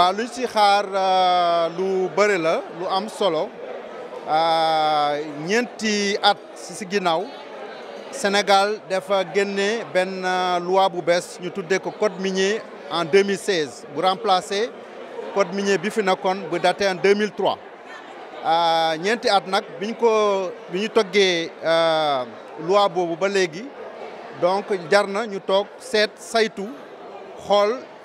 waaw luñ si xaar euh, lu bëri la lu am solo euh, at si Sénégal dafa génne ben loi bu bees ñu ko code minier en 2016 bu remplacé code minier bi fi bu daté en 2003 ñeenti at nag biñ ko bi ñu toggee loi ba donc jar na ñu sept seet saytu xool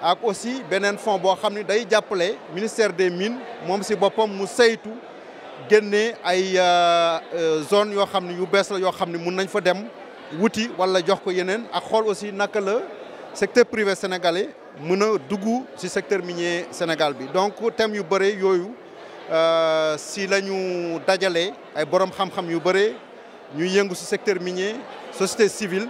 ak aussi benen fonds day ministère des mines mu ay euh, euh, zone yu la nañ fa dem wala jox ko aussi secteur privé sénégalais secteur minier Sénégal bi donc thème yu euh, si la ay borom xam-xam yu yëngu secteur minier société civile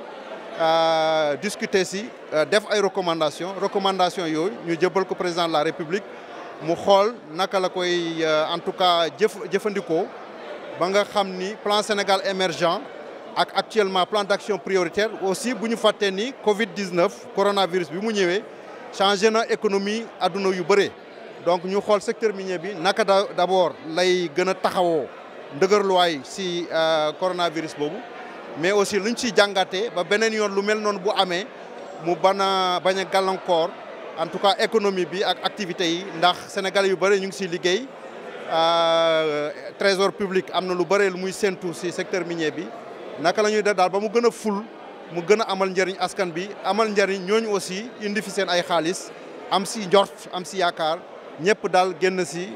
euh, discuter si euh, def recommandations recommandations yo ñu président de la république mu xol naka la euh, en tout cas plan Sénégal émergent ak actuellement plan d'action prioritaire aussi bu Covid 19 coronavirus bi mu économie nous yu bëré donc secteur minier d'abord lay si coronavirus mais aussi luñ ci jàngatee ba beneen yoon lu mel noonu bu amee mu ban a bañ a gàllankoor en tout cas économie bi ak activité yi ndax sénégalais yu bëri ñu ngi siy liggéey euh, trésor public am na lu bëri lu muy séntu si secteur minier bi naka la ñuy def daal ba mu gën a ful mu gën a amal njëriñ askan bi amal njëriñ ñooñu aussi indi fi seen ay xaalis am si njort am si yaakaar ñëpp daal génn si